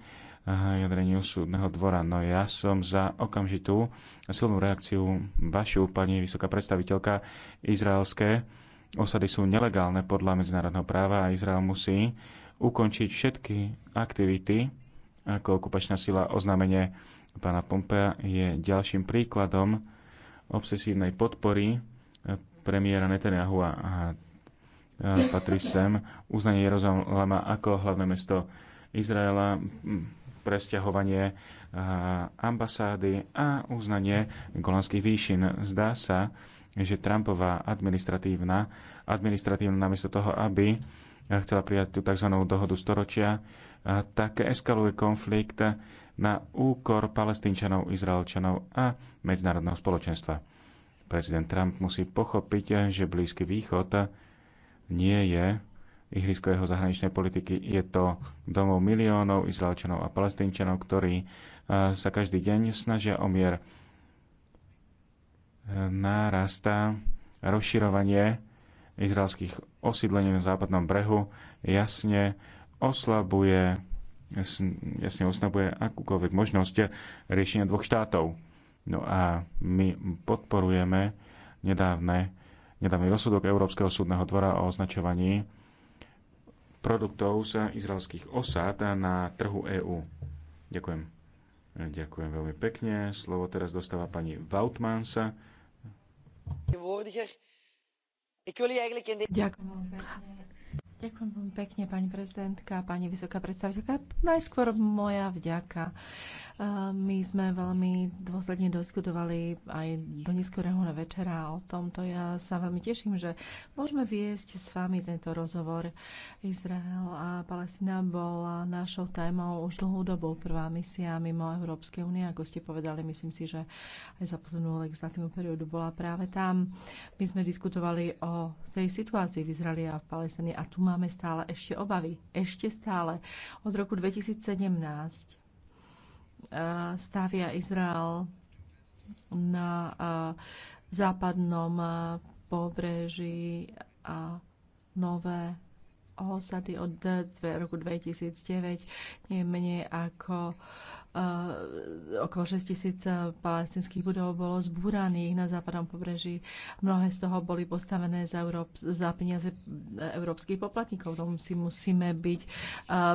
[SPEAKER 4] jadreniu súdneho dvora. No ja som za okamžitú silnú reakciu vašu, pani vysoká predstaviteľka izraelské, osady sú nelegálne podľa medzinárodného práva a Izrael musí ukončiť všetky aktivity, ako okupačná sila oznámenie pána Pompea je ďalším príkladom obsesívnej podpory premiéra Netanyahu a patrí sem uznanie Jeruzalema ako hlavné mesto Izraela, presťahovanie ambasády a uznanie golanských výšin. Zdá sa, že Trumpová administratívna, administratívna namiesto toho, aby chcela prijať tú tzv. dohodu storočia, tak eskaluje konflikt na úkor palestínčanov, izraelčanov a medzinárodného spoločenstva. Prezident Trump musí pochopiť, že Blízky východ nie je ihrisko jeho zahraničnej politiky. Je to domov miliónov Izraelčanov a Palestínčanov, ktorí sa každý deň snažia o mier nárasta rozširovanie izraelských osídlení na západnom brehu jasne oslabuje, jasne oslabuje akúkoľvek možnosť riešenia dvoch štátov. No a my podporujeme nedávne, nedávny rozsudok Európskeho súdneho dvora o označovaní produktov z izraelských osád na trhu EÚ. Ďakujem. Ďakujem veľmi pekne. Slovo teraz dostáva pani Vautmansa
[SPEAKER 5] Ďakujem Ďakujem veľmi pekne, pani prezidentka, pani vysoká predstaviteľka. Najskôr moja vďaka my sme veľmi dôsledne diskutovali aj do neskorého na večera o tomto. Ja sa veľmi teším, že môžeme viesť s vami tento rozhovor. Izrael a Palestina bola našou témou už dlhú dobu. Prvá misia mimo Európskej únie, ako ste povedali, myslím si, že aj za poslednú legislatívnu periódu bola práve tam. My sme diskutovali o tej situácii v Izraeli a v Palestine a tu máme stále ešte obavy. Ešte stále. Od roku 2017 Eh, stavia Izrael na eh, západnom eh, pobreží a nové osady od roku 2009 nie menej ako Eh, okolo 6 tisíc eh, palestinských budov bolo zbúraných na západnom pobreží. Mnohé z toho boli postavené za, Európ, za peniaze eh, európskych poplatníkov. Tomu si musíme byť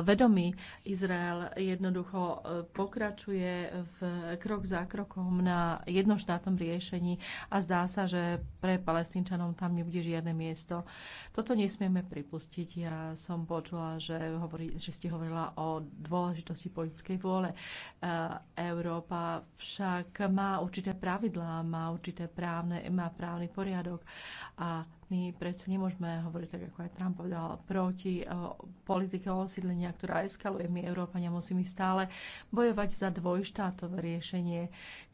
[SPEAKER 5] vedomí. Izrael jednoducho pokračuje v krok za krokom na jednoštátnom riešení a zdá sa, že pre palestínčanom tam nebude žiadne miesto. Toto nesmieme pripustiť. Ja som počula, že, hovorí, že ste hovorila o dôležitosti politickej vôle. Eh, Európa však má určité pravidlá, má určité právne, má právny poriadok a my predsa nemôžeme hovoriť, tak ako aj Trump povedal, proti eh, politike osídlenia, ktorá eskaluje. My, Európania, musíme stále bojovať za dvojštátové riešenie,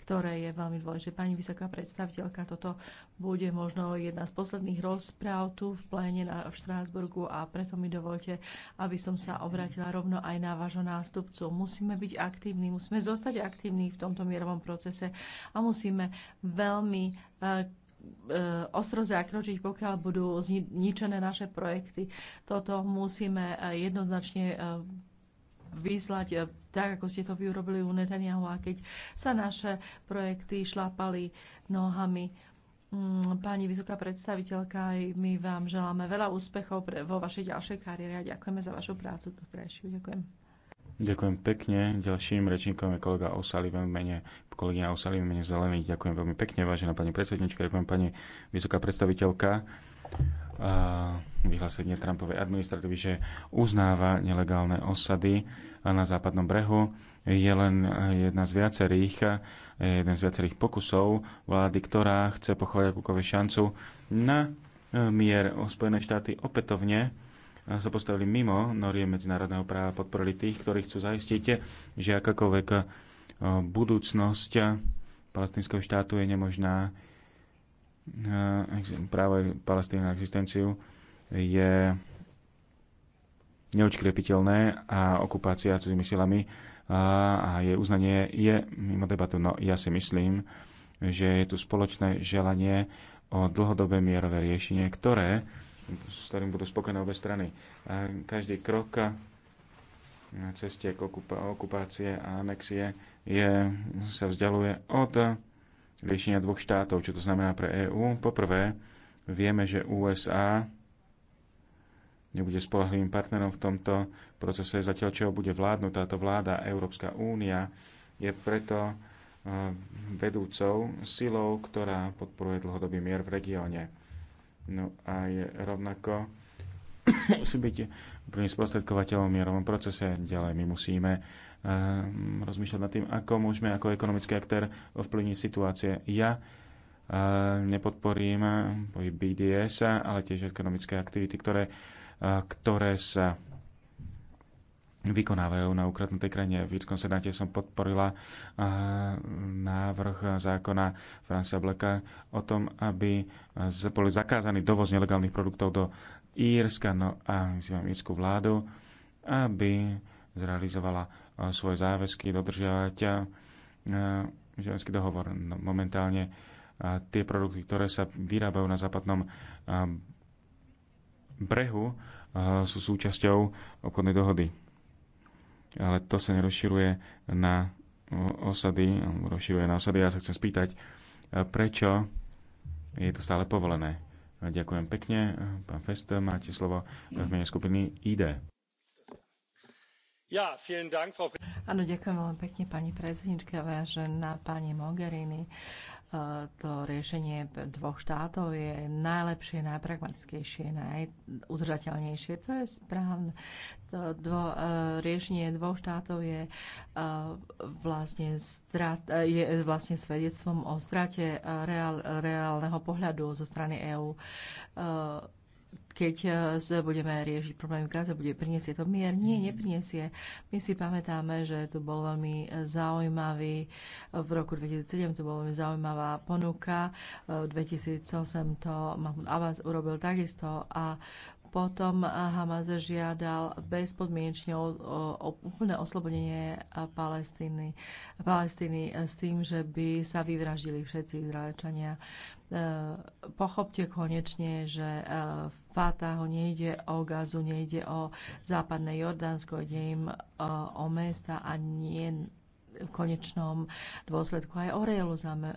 [SPEAKER 5] ktoré je veľmi dôležité. Pani vysoká predstaviteľka, toto bude možno jedna z posledných rozpráv tu v pléne na, v Štrásburgu a preto mi dovolte, aby som sa obrátila rovno aj na vášho nástupcu. Musíme byť aktívni, musíme zostať aktívni v tomto mierovom procese a musíme veľmi eh, eh, ostro zakročiť, pokiaľ budú zničené naše projekty. Toto musíme eh, jednoznačne vyslať e, tak ako ste to vyrobili u Netanyahu, a keď sa naše projekty šlápali nohami. Mm, pani vysoká predstaviteľka, my vám želáme veľa úspechov pre, vo vašej ďalšej kariére a ďakujeme za vašu prácu doterajšiu. Ďakujem.
[SPEAKER 4] Ďakujem pekne. Ďalším rečníkom je kolega Osali v mene, kolegyňa Osali v mene zelený. Ďakujem veľmi pekne, vážená pani predsednička, ďakujem pani vysoká predstaviteľka vyhlásenie Trumpovej administratívy, že uznáva nelegálne osady na západnom brehu, je len jedna z viacerých, jeden z viacerých pokusov vlády, ktorá chce pochovať akúkoľvek šancu na e, mier. O Spojené štáty opätovne sa postavili mimo norie medzinárodného práva, podporili tých, ktorí chcú zaistiť, že akákoľvek e, budúcnosť palestinského štátu je nemožná Eh, právo Palestíny na existenciu je neočkriepiteľné a okupácia cudzými silami a, a jej uznanie je mimo debatu. No ja si myslím, že je tu spoločné želanie o dlhodobé mierové riešenie, ktoré, s ktorým budú spokojné obe strany. A každý krok na ceste k okupácie a anexie je, sa vzdialuje od riešenia dvoch štátov. Čo to znamená pre EÚ? Poprvé, vieme, že USA nebude spolahlivým partnerom v tomto procese, zatiaľ čo bude vládnuť táto vláda, Európska únia je preto e, vedúcou silou, ktorá podporuje dlhodobý mier v regióne. No a je rovnako musí byť úplne sprostredkovateľom v mierovom procese. Ďalej my musíme ehm, rozmýšľať nad tým, ako môžeme ako ekonomický aktér ovplyvniť situácie. Ja ehm, nepodporím pohyb BDS, ale tiež ekonomické aktivity, ktoré, ehm, ktoré sa vykonávajú na ukradnutej krajine. V Írskom senáte som podporila návrh zákona Francia Bleka o tom, aby boli zakázaný dovoz nelegálnych produktov do Írska. No a vyzývam írskú vládu, aby zrealizovala e, svoje záväzky dodržiavať e, ženský dohovor. No, momentálne e, tie produkty, ktoré sa vyrábajú na západnom brehu, sú súčasťou obchodnej dohody. Ale to sa nerozširuje na osady, rozširuje na osady. Ja sa chcem spýtať, prečo je to stále povolené. Ďakujem pekne. Pán Fest, máte slovo v mene skupiny ID.
[SPEAKER 5] Áno, ďakujem veľmi pekne pani prezidentka, vážená pani Mogherini to riešenie dvoch štátov je najlepšie, najpragmatickejšie, najudržateľnejšie. To je správne. To dvo, e, riešenie dvoch štátov je e, vlastne, strat, e, je vlastne svedectvom o strate reál, reálneho pohľadu zo strany EÚ keď e, budeme riešiť problémy v Gaze, bude priniesie to mier? Nie, mhm. nepriniesie. My si pamätáme, že tu bol veľmi e, zaujímavý, e, v roku 2007 tu bola veľmi zaujímavá ponuka, v 2008 to Mahmud Abbas urobil takisto a potom Hamas žiadal bezpodmienečne o, o, úplné oslobodenie Palestíny, Palestíny s tým, že by sa vyvražili všetci Izraelčania. E, pochopte konečne, že e, Fataho nejde o Gazu, nejde o západné Jordánsko, ide im e, o mesta a nie v konečnom dôsledku aj o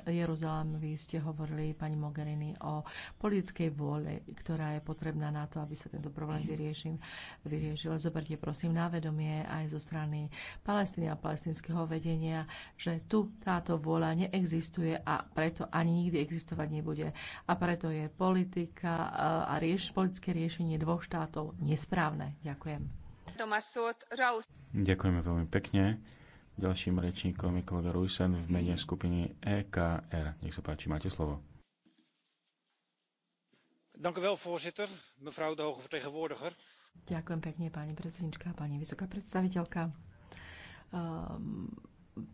[SPEAKER 5] Jeruzalem. Vy ste hovorili, pani Mogherini, o politickej vôle, ktorá je potrebná na to, aby sa tento problém vyriešil. vyriešil. Zoberte prosím na vedomie aj zo strany Palestíny a palestinského vedenia, že tu táto vôľa neexistuje a preto ani nikdy existovať nebude. A preto je politika eh, a rieš, politické riešenie dvoch štátov nesprávne. Ďakujem.
[SPEAKER 4] Ďakujeme veľmi pekne. Ďalším rečníkom je kolega Rujsen v mene skupiny EKR. Nech sa páči, máte slovo.
[SPEAKER 5] Ďakujem pekne, pani predsednička, pani vysoká predstaviteľka. Um,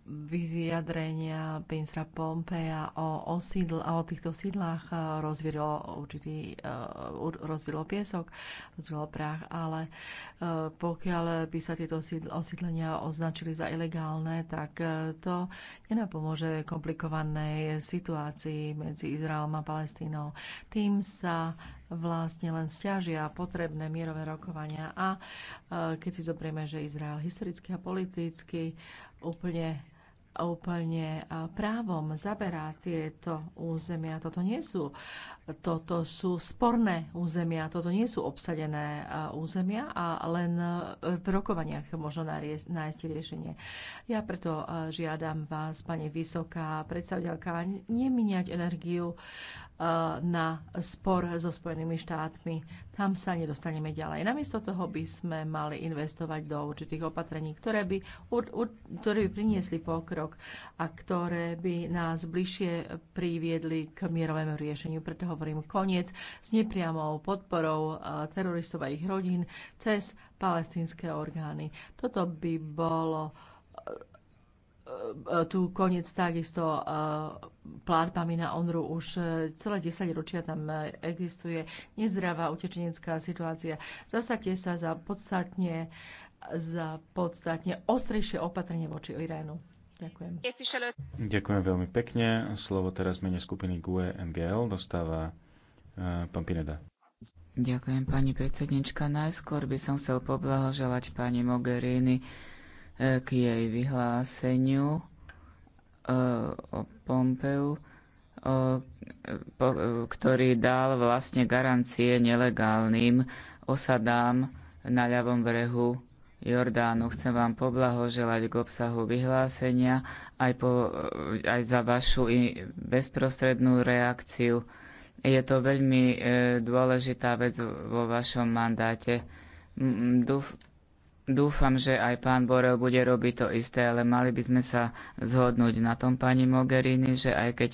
[SPEAKER 5] vyjadrenia Pinsra Pompeja o, osídl, o týchto sídlách e, rozvíralo určitý, e, rozvíralo piesok, rozvíralo prach, ale e, pokiaľ by sa tieto osídlenia označili za ilegálne, tak to nenapomôže komplikovanej situácii medzi Izraelom a Palestínou. Tým sa vlastne len stiažia potrebné mierové rokovania. A keď si zobrieme, že Izrael historicky a politicky úplne úplne právom zaberá tieto územia. Toto nie sú, toto sú sporné územia, toto nie sú obsadené územia a len e, v rokovaniach možno nájsť riešenie. Ja preto e, žiadam vás, pani vysoká predstaviteľka, nemíňať energiu Eh, na spor so Spojenými štátmi. Tam sa nedostaneme ďalej. Namiesto toho by sme mali investovať do určitých opatrení, ktoré by, ur, ur, ktoré by priniesli pokrok a ktoré by nás bližšie priviedli k mierovému riešeniu. Preto hovorím koniec s nepriamou podporou eh, teroristov a ich rodín cez palestinské orgány. Toto by bolo eh, E, e, tu koniec takisto e, plátbami na ONRU už celé 10 ročia tam existuje nezdravá utečenecká situácia. Zasadte sa za podstatne, za podstatne ostrejšie opatrenie voči Iránu. Ďakujem.
[SPEAKER 4] Ďakujem veľmi pekne. Slovo teraz mene skupiny GUE MGL dostáva pán Pineda.
[SPEAKER 7] Ďakujem pani predsednička. Najskôr by som chcel poblahoželať pani Mogherini k jej vyhláseniu e, o Pompeu, e, e, ktorý dal vlastne garancie nelegálnym osadám na ľavom brehu Jordánu. Chcem vám poblahoželať k obsahu vyhlásenia aj, po, aj za vašu bezprostrednú reakciu. Je to veľmi dôležitá vec vo vašom mandáte. Dúfam, že aj pán Borel bude robiť to isté, ale mali by sme sa zhodnúť na tom, pani Mogherini, že aj keď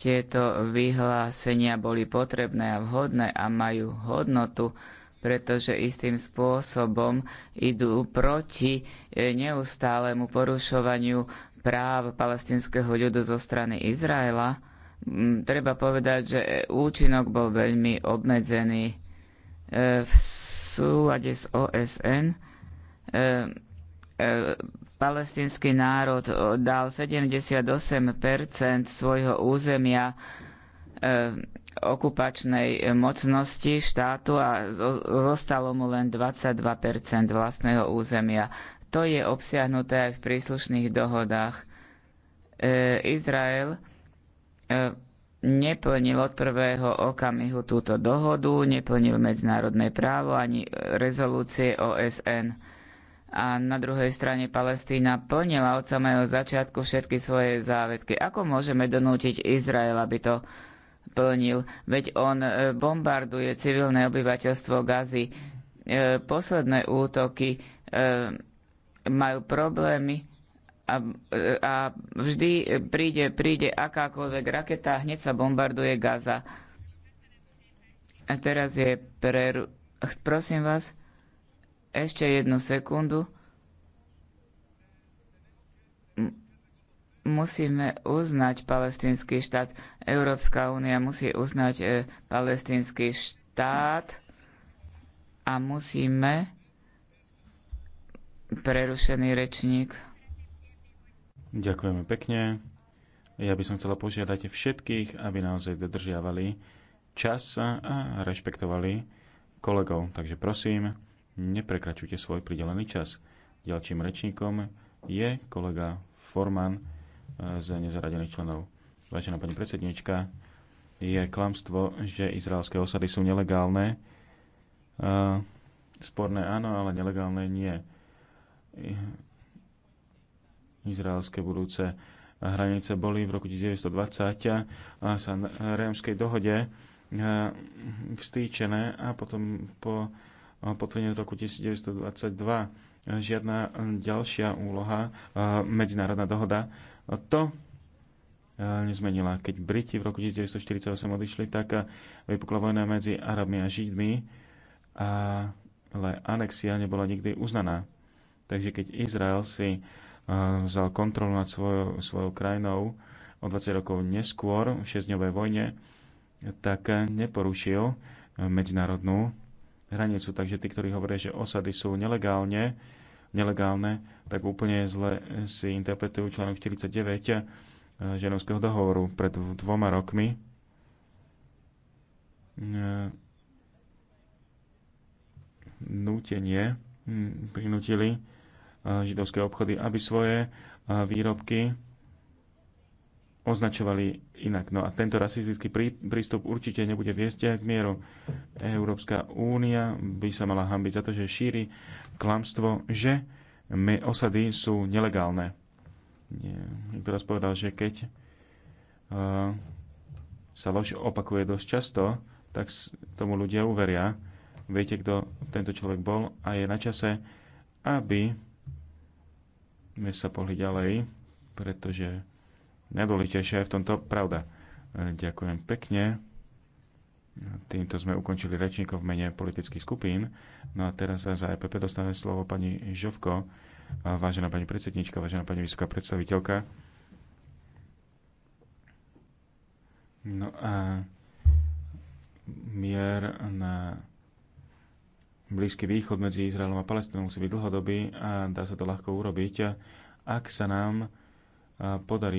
[SPEAKER 7] tieto vyhlásenia boli potrebné a vhodné a majú hodnotu, pretože istým spôsobom idú proti e, neustálemu porušovaniu práv palestinského ľudu zo strany Izraela. Treba povedať, že účinok bol veľmi obmedzený. E, v súlade s OSN E, e, palestinský národ dal 78 svojho územia e, okupačnej mocnosti štátu a zostalo mu len 22 vlastného územia. To je obsiahnuté aj v príslušných dohodách. Izrael neplnil od prvého okamihu túto dohodu, neplnil medzinárodné právo ani rezolúcie OSN a na druhej strane Palestína plnila od samého začiatku všetky svoje závetky. Ako môžeme donútiť Izrael, aby to plnil? Veď on e, bombarduje civilné obyvateľstvo Gazy. E, posledné útoky e, majú problémy a, a vždy príde, príde akákoľvek raketa a hneď sa bombarduje Gaza. A teraz je preru... Prosím vás. Ešte jednu sekundu. Musíme uznať palestínsky štát. Európska únia musí uznať e, palestínsky štát a musíme prerušený rečník.
[SPEAKER 4] Ďakujeme pekne. Ja by som chcela požiadať všetkých, aby naozaj dodržiavali čas a rešpektovali kolegov. Takže prosím, neprekračujte svoj pridelený čas. Ďalším rečníkom je kolega Forman e, z nezaradených členov. Vážená pani predsednička, je klamstvo, že izraelské osady sú nelegálne. E, sporné áno, ale nelegálne nie. Izraelské budúce hranice boli v roku 1920 a sa na Rémskej dohode e, vstýčené a potom po potvrdené v roku 1922. E, žiadna e, ďalšia úloha, e, medzinárodná dohoda, to nezmenila. Keď Briti v roku 1948 odišli, tak vypukla vojna medzi Arabmi a Židmi, ale anexia nebola nikdy uznaná. Takže keď Izrael si vzal kontrolu nad svojou, svojou krajinou o 20 rokov neskôr v šesťdňovej vojne, tak neporušil medzinárodnú hranicu. Takže tí, ktorí hovoria, že osady sú nelegálne, nelegálne, tak úplne zle si interpretujú článok 49 eh, ženovského dohovoru pred dvoma rokmi. Eh, Nútenie hm, prinútili eh, židovské obchody, aby svoje výrobky označovali inak. No a tento rasistický prístup určite nebude viesť k mieru. Európska únia by sa mala hambiť za to, že šíri klamstvo, že my, osady sú nelegálne. Niekto raz povedal, že keď uh, sa lož opakuje dosť často, tak tomu ľudia uveria. Viete, kto tento človek bol a je na čase, aby sme sa pohli ďalej, pretože najdôležitejšia je v tomto pravda. E, ďakujem pekne. Týmto sme ukončili rečníkov v mene politických skupín. No a teraz za EPP dostane slovo pani Žovko, vážená pani predsednička, vážená pani vysoká predstaviteľka. No a mier na Blízky východ medzi Izraelom a Palestinou musí byť dlhodobý a dá sa to ľahko urobiť, ak sa nám podarí